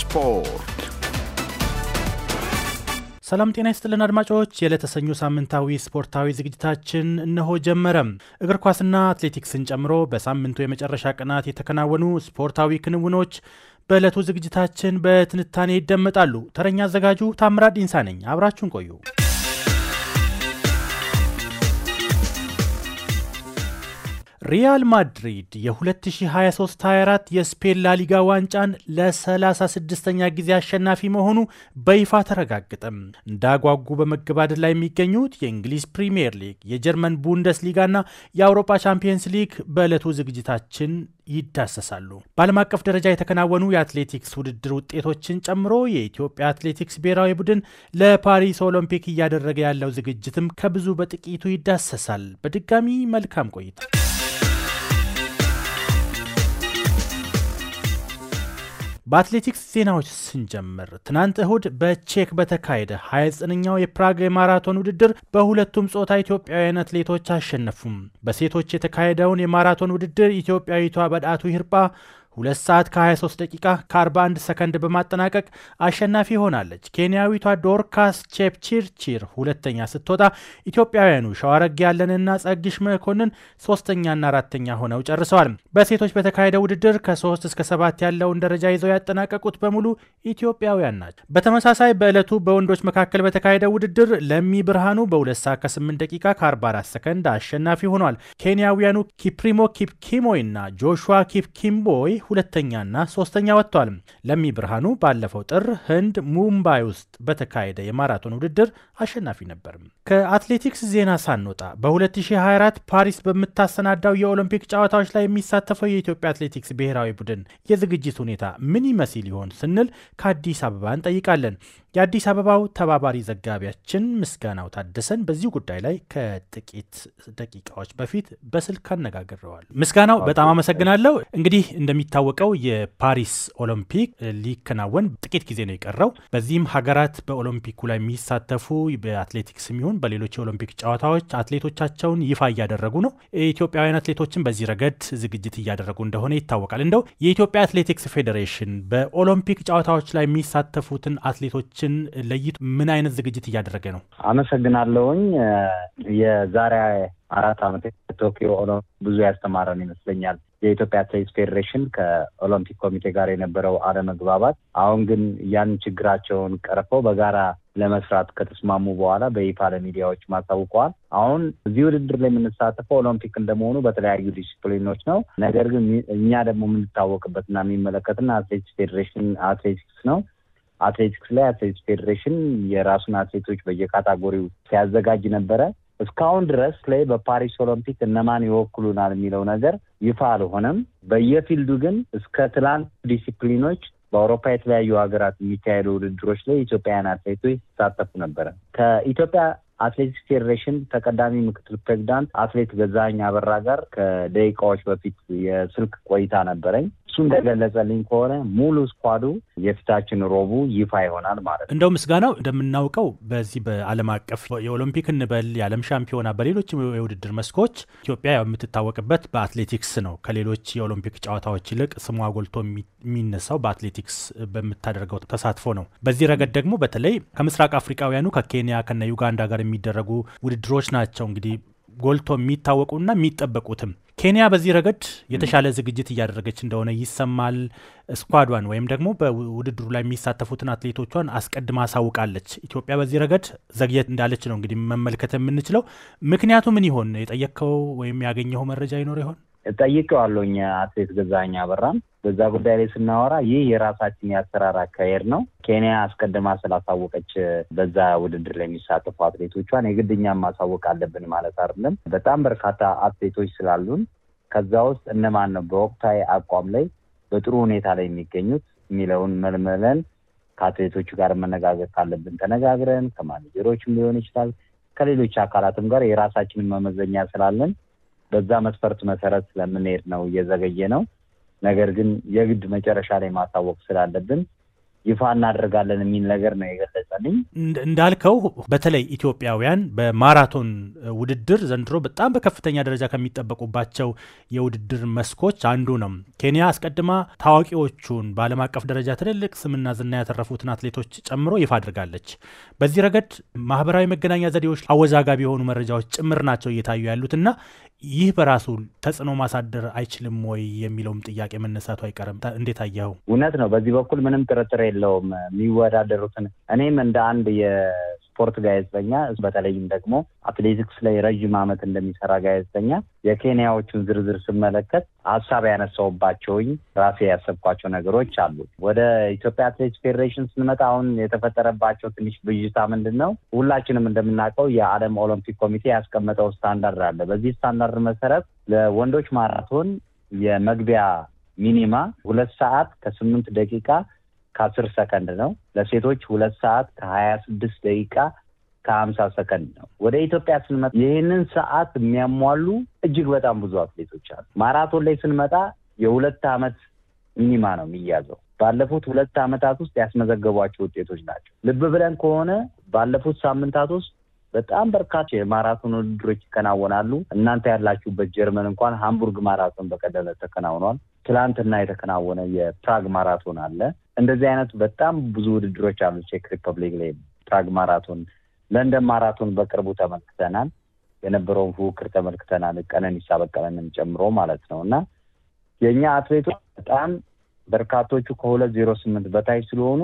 ስፖርት። ሰላም ጤና ይስጥልን አድማጮች፣ የለተሰኙ ሳምንታዊ ስፖርታዊ ዝግጅታችን እነሆ ጀመረም። እግር ኳስና አትሌቲክስን ጨምሮ በሳምንቱ የመጨረሻ ቀናት የተከናወኑ ስፖርታዊ ክንውኖች በዕለቱ ዝግጅታችን በትንታኔ ይደመጣሉ። ተረኛ አዘጋጁ ታምራት ዲንሳ ነኝ። አብራችሁን ቆዩ። ሪያል ማድሪድ የ2023-24 የስፔን ላሊጋ ዋንጫን ለ36ኛ ጊዜ አሸናፊ መሆኑ በይፋ ተረጋግጠም። እንዳጓጉ በመገባደድ ላይ የሚገኙት የእንግሊዝ ፕሪምየር ሊግ፣ የጀርመን ቡንደስሊጋና የአውሮፓ ቻምፒየንስ ሊግ በዕለቱ ዝግጅታችን ይዳሰሳሉ። በዓለም አቀፍ ደረጃ የተከናወኑ የአትሌቲክስ ውድድር ውጤቶችን ጨምሮ የኢትዮጵያ አትሌቲክስ ብሔራዊ ቡድን ለፓሪስ ኦሎምፒክ እያደረገ ያለው ዝግጅትም ከብዙ በጥቂቱ ይዳሰሳል። በድጋሚ መልካም ቆይታ በአትሌቲክስ ዜናዎች ስንጀምር ትናንት እሁድ በቼክ በተካሄደ 29ኛው የፕራግ የማራቶን ውድድር በሁለቱም ጾታ ኢትዮጵያውያን አትሌቶች አሸነፉም። በሴቶች የተካሄደውን የማራቶን ውድድር ኢትዮጵያዊቷ በዳቱ ሂርጳ ሁለት ሰዓት ከ23 ደቂቃ ከ41 ሰከንድ በማጠናቀቅ አሸናፊ ሆናለች። ኬንያዊቷ ዶርካስ ቼፕቺርቺር ሁለተኛ ስትወጣ ኢትዮጵያውያኑ ሸዋረግ ያለንና ጸግሽ መኮንን ሶስተኛና አራተኛ ሆነው ጨርሰዋል። በሴቶች በተካሄደ ውድድር ከ3 እስከ 7 ያለውን ደረጃ ይዘው ያጠናቀቁት በሙሉ ኢትዮጵያውያን ናቸው። በተመሳሳይ በዕለቱ በወንዶች መካከል በተካሄደ ውድድር ለሚ ብርሃኑ በ2 ሰዓት ከ8 ደቂቃ ከ44 ሰከንድ አሸናፊ ሆኗል። ኬንያውያኑ ኪፕሪሞ ኪፕኪሞይ እና ጆሹዋ ኪፕኪምቦይ ሁለተኛና ሶስተኛ ወጥቷል። ለሚ ብርሃኑ ባለፈው ጥር ህንድ ሙምባይ ውስጥ በተካሄደ የማራቶን ውድድር አሸናፊ ነበር። ከአትሌቲክስ ዜና ሳንወጣ በ2024 ፓሪስ በምታሰናዳው የኦሎምፒክ ጨዋታዎች ላይ የሚሳተፈው የኢትዮጵያ አትሌቲክስ ብሔራዊ ቡድን የዝግጅት ሁኔታ ምን ይመስል ይሆን ስንል ከአዲስ አበባ እንጠይቃለን። የአዲስ አበባው ተባባሪ ዘጋቢያችን ምስጋናው ታደሰን በዚህ ጉዳይ ላይ ከጥቂት ደቂቃዎች በፊት በስልክ አነጋግረዋል። ምስጋናው በጣም አመሰግናለሁ። እንግዲህ እንደሚ እንደሚታወቀው የፓሪስ ኦሎምፒክ ሊከናወን ጥቂት ጊዜ ነው የቀረው። በዚህም ሀገራት በኦሎምፒኩ ላይ የሚሳተፉ በአትሌቲክስ የሚሆን በሌሎች የኦሎምፒክ ጨዋታዎች አትሌቶቻቸውን ይፋ እያደረጉ ነው። ኢትዮጵያውያን አትሌቶችን በዚህ ረገድ ዝግጅት እያደረጉ እንደሆነ ይታወቃል። እንደው የኢትዮጵያ አትሌቲክስ ፌዴሬሽን በኦሎምፒክ ጨዋታዎች ላይ የሚሳተፉትን አትሌቶችን ለይቶ ምን አይነት ዝግጅት እያደረገ ነው? አመሰግናለሁኝ። የዛሬ አራት ዓመት በቶኪዮ ኦሎምፒክ ብዙ ያስተማረን ይመስለኛል። የኢትዮጵያ አትሌቲክስ ፌዴሬሽን ከኦሎምፒክ ኮሚቴ ጋር የነበረው አለመግባባት አሁን ግን ያን ችግራቸውን ቀርፈው በጋራ ለመስራት ከተስማሙ በኋላ በይፋ ለሚዲያዎች ማሳውቀዋል። አሁን እዚህ ውድድር ላይ የምንሳተፈው ኦሎምፒክ እንደመሆኑ በተለያዩ ዲስፕሊኖች ነው። ነገር ግን እኛ ደግሞ የምንታወቅበትና የሚመለከትና አትሌቲክስ ፌዴሬሽን አትሌቲክስ ነው። አትሌቲክስ ላይ አትሌቲክስ ፌዴሬሽን የራሱን አትሌቶች በየካታጎሪው ሲያዘጋጅ ነበረ። እስካሁን ድረስ ላይ በፓሪስ ኦሎምፒክ እነማን ይወክሉናል የሚለው ነገር ይፋ አልሆነም። በየፊልዱ ግን እስከ ትላንት ዲሲፕሊኖች በአውሮፓ የተለያዩ ሀገራት የሚካሄዱ ውድድሮች ላይ ኢትዮጵያውያን አትሌቶች ይሳተፉ ነበረ። ከኢትዮጵያ አትሌቲክስ ፌዴሬሽን ተቀዳሚ ምክትል ፕሬዚዳንት አትሌት ገዛኸኝ አበራ ጋር ከደቂቃዎች በፊት የስልክ ቆይታ ነበረኝ። እሱ እንደገለጸልኝ ከሆነ ሙሉ ስኳዱ የፊታችን ሮቡ ይፋ ይሆናል ማለት ነው። እንደው ምስጋናው እንደምናውቀው በዚህ በዓለም አቀፍ የኦሎምፒክ እንበል የዓለም ሻምፒዮና፣ በሌሎች የውድድር መስኮች ኢትዮጵያ የምትታወቅበት በአትሌቲክስ ነው። ከሌሎች የኦሎምፒክ ጨዋታዎች ይልቅ ስሟ ጎልቶ የሚ የሚነሳው በአትሌቲክስ በምታደርገው ተሳትፎ ነው። በዚህ ረገድ ደግሞ በተለይ ከምስራቅ አፍሪካውያኑ ከኬንያ ከነ ዩጋንዳ ጋር የሚደረጉ ውድድሮች ናቸው እንግዲህ ጎልቶ የሚታወቁና የሚጠበቁትም። ኬንያ በዚህ ረገድ የተሻለ ዝግጅት እያደረገች እንደሆነ ይሰማል። ስኳዷን ወይም ደግሞ በውድድሩ ላይ የሚሳተፉትን አትሌቶቿን አስቀድማ አሳውቃለች። ኢትዮጵያ በዚህ ረገድ ዘግየት እንዳለች ነው እንግዲህ መመልከት የምንችለው። ምክንያቱ ምን ይሆን? የጠየቅከው ወይም ያገኘው መረጃ ይኖር ይሆን? ጠይቀዋለኝ አትሌት ገዛኸኝ አበራም በዛ ጉዳይ ላይ ስናወራ ይህ የራሳችን የአሰራር አካሄድ ነው። ኬንያ አስቀድማ ስላሳወቀች በዛ ውድድር ላይ የሚሳተፉ አትሌቶቿን የግድኛ ማሳወቅ አለብን ማለት አይደለም። በጣም በርካታ አትሌቶች ስላሉን ከዛ ውስጥ እነማን ነው በወቅታዊ አቋም ላይ በጥሩ ሁኔታ ላይ የሚገኙት የሚለውን መልመለን ከአትሌቶቹ ጋር መነጋገር ካለብን ተነጋግረን ከማኔጀሮችም ሊሆን ይችላል ከሌሎች አካላትም ጋር የራሳችንን መመዘኛ ስላለን በዛ መስፈርት መሰረት ስለምንሄድ ነው እየዘገየ ነው። ነገር ግን የግድ መጨረሻ ላይ ማሳወቅ ስላለብን ይፋ እናደርጋለን የሚል ነገር ነው የገለ ይስጥልኝ። እንዳልከው በተለይ ኢትዮጵያውያን በማራቶን ውድድር ዘንድሮ በጣም በከፍተኛ ደረጃ ከሚጠበቁባቸው የውድድር መስኮች አንዱ ነው። ኬንያ አስቀድማ ታዋቂዎቹን በዓለም አቀፍ ደረጃ ትልልቅ ስምና ዝና ያተረፉትን አትሌቶች ጨምሮ ይፋ አድርጋለች። በዚህ ረገድ ማህበራዊ መገናኛ ዘዴዎች አወዛጋቢ የሆኑ መረጃዎች ጭምር ናቸው እየታዩ ያሉትና ይህ በራሱ ተጽዕኖ ማሳደር አይችልም ወይ የሚለውም ጥያቄ መነሳቱ አይቀርም። እንዴት አየኸው? እውነት ነው። በዚህ በኩል ምንም ጥርጥር የለውም። የሚወዳደሩትን እኔም እንደ አንድ የስፖርት ጋዜጠኛ በተለይም ደግሞ አትሌቲክስ ላይ ረዥም ዓመት እንደሚሰራ ጋዜጠኛ የኬንያዎቹን ዝርዝር ስመለከት ሀሳብ ያነሳውባቸውኝ ራሴ ያሰብኳቸው ነገሮች አሉ። ወደ ኢትዮጵያ አትሌቲክስ ፌዴሬሽን ስንመጣ አሁን የተፈጠረባቸው ትንሽ ብዥታ ምንድን ነው? ሁላችንም እንደምናውቀው የዓለም ኦሎምፒክ ኮሚቴ ያስቀመጠው ስታንዳርድ አለ። በዚህ ስታንዳርድ መሰረት ለወንዶች ማራቶን የመግቢያ ሚኒማ ሁለት ሰዓት ከስምንት ደቂቃ ከአስር ሰከንድ ነው። ለሴቶች ሁለት ሰዓት ከሀያ ስድስት ደቂቃ ከሀምሳ ሰከንድ ነው። ወደ ኢትዮጵያ ስንመጣ ይህንን ሰዓት የሚያሟሉ እጅግ በጣም ብዙ አትሌቶች አሉ። ማራቶን ላይ ስንመጣ የሁለት አመት ሚኒማ ነው የሚያዘው። ባለፉት ሁለት ዓመታት ውስጥ ያስመዘገቧቸው ውጤቶች ናቸው። ልብ ብለን ከሆነ ባለፉት ሳምንታት ውስጥ በጣም በርካታ የማራቶን ውድድሮች ይከናወናሉ። እናንተ ያላችሁበት ጀርመን እንኳን ሃምቡርግ ማራቶን በቀደም ተከናውኗል። ትላንትና የተከናወነ የፕራግ ማራቶን አለ። እንደዚህ አይነት በጣም ብዙ ውድድሮች አሉ። ቼክ ሪፐብሊክ ላይ ፕራግ ማራቶን፣ ለንደን ማራቶን በቅርቡ ተመልክተናል። የነበረውን ፉክክር ተመልክተናል። ቀነኒሳ በቀለንም ጨምሮ ማለት ነው እና የእኛ አትሌቶች በጣም በርካቶቹ ከሁለት ዜሮ ስምንት በታች ስለሆኑ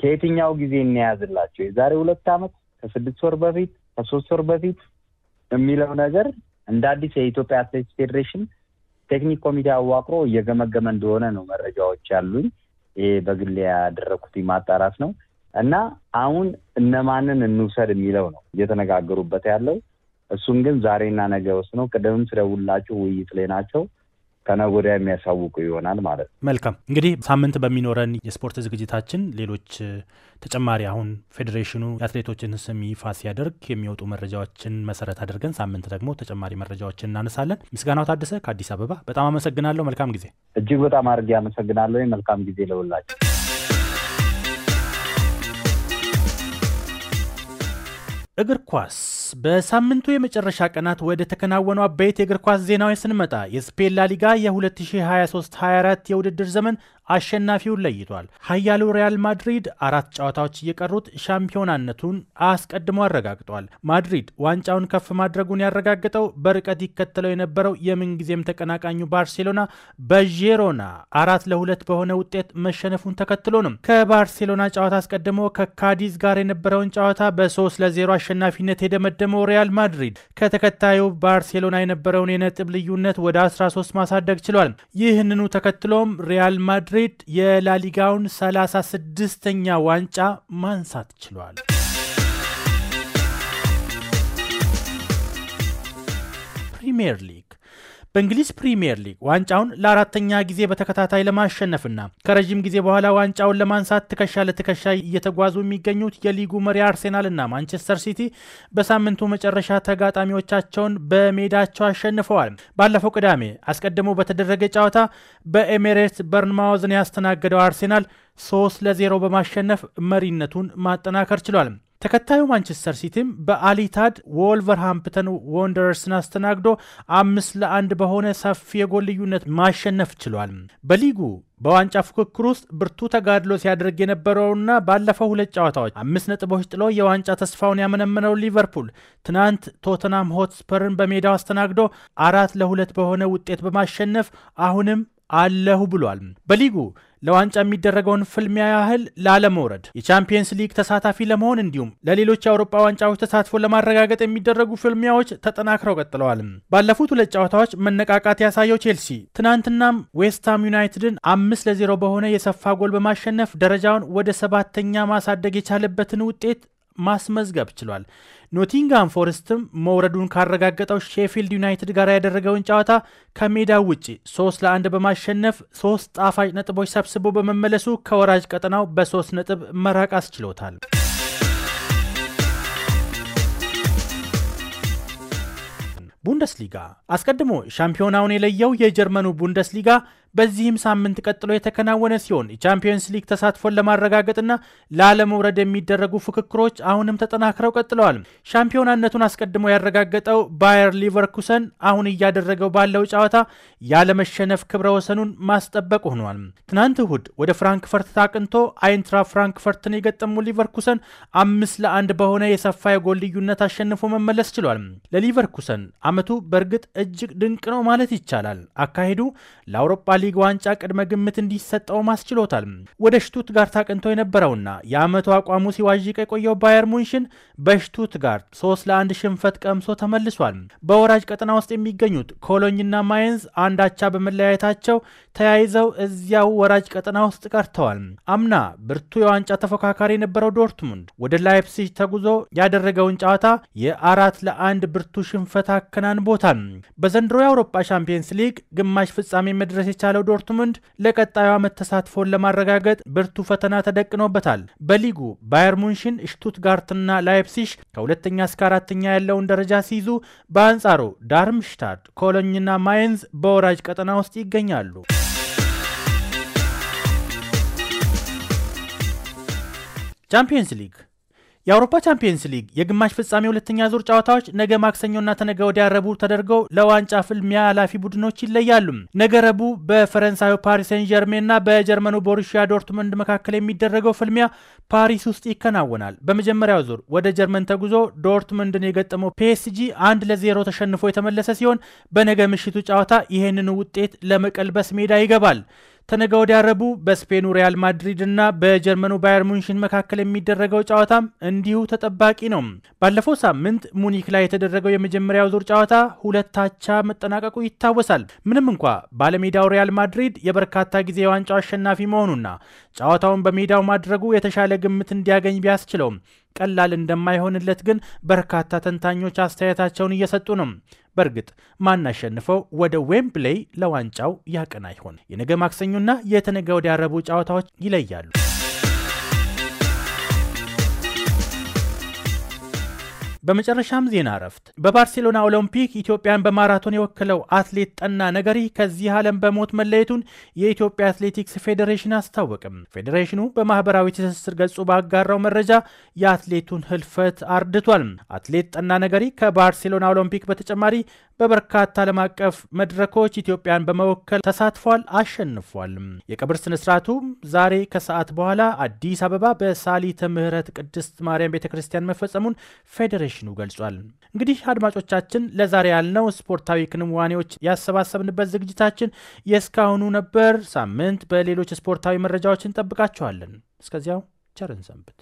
ከየትኛው ጊዜ እናያዝላቸው የዛሬ ሁለት ዓመት ከስድስት ወር በፊት ከሶስት ወር በፊት የሚለው ነገር እንደ አዲስ የኢትዮጵያ አትሌቲክስ ፌዴሬሽን ቴክኒክ ኮሚቴ አዋቅሮ እየገመገመ እንደሆነ ነው መረጃዎች ያሉኝ። ይሄ በግል ያደረግኩት ማጣራት ነው እና አሁን እነማንን እንውሰድ የሚለው ነው እየተነጋገሩበት ያለው። እሱም ግን ዛሬና ነገ ውስጥ ነው። ቅድምም ስደውላችሁ ውይይት ላይ ናቸው። ከነገ ወዲያ የሚያሳውቁ ይሆናል ማለት ነው። መልካም እንግዲህ ሳምንት በሚኖረን የስፖርት ዝግጅታችን ሌሎች ተጨማሪ አሁን ፌዴሬሽኑ የአትሌቶችን ስም ይፋ ሲያደርግ የሚወጡ መረጃዎችን መሰረት አድርገን ሳምንት ደግሞ ተጨማሪ መረጃዎችን እናነሳለን። ምስጋናው ታደሰ ከአዲስ አበባ በጣም አመሰግናለሁ። መልካም ጊዜ። እጅግ በጣም አድርጌ አመሰግናለሁ። መልካም ጊዜ ለሁላችሁ። እግር ኳስ በሳምንቱ የመጨረሻ ቀናት ወደ ተከናወኑ አበይት የእግር ኳስ ዜናዎች ስንመጣ የስፔን ላሊጋ የ2023/24 የውድድር ዘመን አሸናፊውን ለይቷል። ኃያሉ ሪያል ማድሪድ አራት ጨዋታዎች እየቀሩት ሻምፒዮናነቱን አስቀድሞ አረጋግጧል። ማድሪድ ዋንጫውን ከፍ ማድረጉን ያረጋግጠው በርቀት ይከተለው የነበረው የምንጊዜም ተቀናቃኙ ባርሴሎና በዤሮና አራት ለሁለት በሆነ ውጤት መሸነፉን ተከትሎ ነው። ከባርሴሎና ጨዋታ አስቀድሞ ከካዲዝ ጋር የነበረውን ጨዋታ በ3 ለዜሮ አሸናፊነት የደመደ የቀደመው ሪያል ማድሪድ ከተከታዩ ባርሴሎና የነበረውን የነጥብ ልዩነት ወደ 13 ማሳደግ ችሏል። ይህንኑ ተከትሎም ሪያል ማድሪድ የላሊጋውን 36ኛ ዋንጫ ማንሳት ችሏል። ፕሪምየር ሊግ በእንግሊዝ ፕሪምየር ሊግ ዋንጫውን ለአራተኛ ጊዜ በተከታታይ ለማሸነፍና ከረዥም ጊዜ በኋላ ዋንጫውን ለማንሳት ትከሻ ለትከሻ እየተጓዙ የሚገኙት የሊጉ መሪ እና ማንቸስተር ሲቲ በሳምንቱ መጨረሻ ተጋጣሚዎቻቸውን በሜዳቸው አሸንፈዋል። ባለፈው ቅዳሜ አስቀድሞ በተደረገ ጨዋታ በኤሜሬትስ በርንማውዝን ያስተናገደው አርሴናል ሶስት ለዜሮ በማሸነፍ መሪነቱን ማጠናከር ችሏል። ተከታዩ ማንቸስተር ሲቲም በአሊታድ ወልቨርሃምፕተን ወንደረርስን አስተናግዶ አምስት ለአንድ በሆነ ሰፊ የጎል ልዩነት ማሸነፍ ችሏል። በሊጉ በዋንጫ ፉክክር ውስጥ ብርቱ ተጋድሎ ሲያደርግ የነበረውና ባለፈው ሁለት ጨዋታዎች አምስት ነጥቦች ጥሎ የዋንጫ ተስፋውን ያመነመነው ሊቨርፑል ትናንት ቶተናም ሆትስፐርን በሜዳው አስተናግዶ አራት ለሁለት በሆነ ውጤት በማሸነፍ አሁንም አለሁ ብሏል። በሊጉ ለዋንጫ የሚደረገውን ፍልሚያ ያህል ላለመውረድ የቻምፒየንስ ሊግ ተሳታፊ ለመሆን እንዲሁም ለሌሎች የአውሮፓ ዋንጫዎች ተሳትፎ ለማረጋገጥ የሚደረጉ ፍልሚያዎች ተጠናክረው ቀጥለዋል። ባለፉት ሁለት ጨዋታዎች መነቃቃት ያሳየው ቼልሲ ትናንትናም ዌስትሃም ዩናይትድን አምስት ለዜሮ በሆነ የሰፋ ጎል በማሸነፍ ደረጃውን ወደ ሰባተኛ ማሳደግ የቻለበትን ውጤት ማስመዝገብ ችሏል። ኖቲንግሃም ፎረስትም መውረዱን ካረጋገጠው ሼፊልድ ዩናይትድ ጋር ያደረገውን ጨዋታ ከሜዳው ውጪ ሶስት ለአንድ በማሸነፍ ሶስት ጣፋጭ ነጥቦች ሰብስቦ በመመለሱ ከወራጅ ቀጠናው በሶስት ነጥብ መራቅ አስችሎታል። ቡንደስሊጋ አስቀድሞ ሻምፒዮናውን የለየው የጀርመኑ ቡንደስሊጋ በዚህም ሳምንት ቀጥሎ የተከናወነ ሲሆን የቻምፒየንስ ሊግ ተሳትፎን ለማረጋገጥና ላለመውረድ የሚደረጉ ፉክክሮች አሁንም ተጠናክረው ቀጥለዋል። ሻምፒዮናነቱን አስቀድሞ ያረጋገጠው ባየር ሊቨርኩሰን አሁን እያደረገው ባለው ጨዋታ ያለመሸነፍ ክብረ ወሰኑን ማስጠበቅ ሆኗል። ትናንት እሁድ ወደ ፍራንክፈርት ታቅንቶ አይንትራ ፍራንክፈርትን የገጠሙ ሊቨርኩሰን አምስት ለአንድ በሆነ የሰፋ የጎል ልዩነት አሸንፎ መመለስ ችሏል። ለሊቨርኩሰን አመቱ በእርግጥ እጅግ ድንቅ ነው ማለት ይቻላል። አካሄዱ ለአውሮፓ ሊግ ዋንጫ ቅድመ ግምት እንዲሰጠውም አስችሎታል። ወደ ሽቱትጋርት አቅንቶ የነበረውና የአመቱ አቋሙ ሲዋዥቅ የቆየው ባየር ሙንሽን በሽቱትጋርት ሶስት ለአንድ ሽንፈት ቀምሶ ተመልሷል። በወራጅ ቀጠና ውስጥ የሚገኙት ኮሎኝና ማየንዝ አንዳቻ በመለያየታቸው ተያይዘው እዚያው ወራጅ ቀጠና ውስጥ ቀርተዋል። አምና ብርቱ የዋንጫ ተፎካካሪ የነበረው ዶርትሙንድ ወደ ላይፕሲጅ ተጉዞ ያደረገውን ጨዋታ የአራት ለአንድ ብርቱ ሽንፈት አከናንቦታል። በዘንድሮ የአውሮፓ ሻምፒየንስ ሊግ ግማሽ ፍጻሜ መድረስ የቻለ የተባለው ዶርትሙንድ ለቀጣዩ ዓመት ተሳትፎን ለማረጋገጥ ብርቱ ፈተና ተደቅኖበታል። በሊጉ ባየር ሙንሽን፣ ሽቱትጋርትና ላይፕሲሽ ከሁለተኛ እስከ አራተኛ ያለውን ደረጃ ሲይዙ፣ በአንጻሩ ዳርምሽታድ፣ ኮሎኝና ማይንዝ በወራጅ ቀጠና ውስጥ ይገኛሉ። ቻምፒየንስ ሊግ የአውሮፓ ቻምፒየንስ ሊግ የግማሽ ፍጻሜ ሁለተኛ ዙር ጨዋታዎች ነገ ማክሰኞና ተነገ ወዲያ ረቡዕ ተደርገው ለዋንጫ ፍልሚያ ኃላፊ ቡድኖች ይለያሉ። ነገ ረቡዕ በፈረንሳዩ ፓሪስ ሴን ጀርሜንና በጀርመኑ ቦሩሺያ ዶርትመንድ መካከል የሚደረገው ፍልሚያ ፓሪስ ውስጥ ይከናወናል። በመጀመሪያው ዙር ወደ ጀርመን ተጉዞ ዶርትመንድን የገጠመው ፒኤስጂ አንድ ለዜሮ ተሸንፎ የተመለሰ ሲሆን በነገ ምሽቱ ጨዋታ ይህንን ውጤት ለመቀልበስ ሜዳ ይገባል። ተነገ ወዲያ ረቡዕ በስፔኑ ሪያል ማድሪድ እና በጀርመኑ ባየር ሙንሽን መካከል የሚደረገው ጨዋታም እንዲሁ ተጠባቂ ነው። ባለፈው ሳምንት ሙኒክ ላይ የተደረገው የመጀመሪያው ዙር ጨዋታ ሁለት አቻ መጠናቀቁ ይታወሳል። ምንም እንኳ ባለሜዳው ሪያል ማድሪድ የበርካታ ጊዜ የዋንጫው አሸናፊ መሆኑና ጨዋታውን በሜዳው ማድረጉ የተሻለ ግምት እንዲያገኝ ቢያስችለውም ቀላል እንደማይሆንለት ግን በርካታ ተንታኞች አስተያየታቸውን እየሰጡ ነው። በእርግጥ ማን አሸንፈው ወደ ዌምብሌይ ለዋንጫው ያቀና ይሆን? የነገ ማክሰኞና የተነገ ወዲያ ረቡዕ ጨዋታዎች ይለያሉ። በመጨረሻም ዜና እረፍት። በባርሴሎና ኦሎምፒክ ኢትዮጵያን በማራቶን የወክለው አትሌት ጠና ነገሪ ከዚህ ዓለም በሞት መለየቱን የኢትዮጵያ አትሌቲክስ ፌዴሬሽን አስታወቅም። ፌዴሬሽኑ በማህበራዊ ትስስር ገጹ ባጋራው መረጃ የአትሌቱን ህልፈት አርድቷል። አትሌት ጠና ነገሪ ከባርሴሎና ኦሎምፒክ በተጨማሪ በበርካታ ዓለም አቀፍ መድረኮች ኢትዮጵያን በመወከል ተሳትፏል፣ አሸንፏል። የቀብር ስርዓቱም ዛሬ ከሰዓት በኋላ አዲስ አበባ በሳሊተ ምሕረት ቅድስት ማርያም ቤተ ክርስቲያን መፈጸሙን ፌዴሬሽኑ ገልጿል። እንግዲህ አድማጮቻችን ለዛሬ ያልነው ስፖርታዊ ክንዋኔዎች ያሰባሰብንበት ዝግጅታችን የእስካሁኑ ነበር። ሳምንት በሌሎች ስፖርታዊ መረጃዎች እንጠብቃችኋለን። እስከዚያው ቸርን ሰንብት።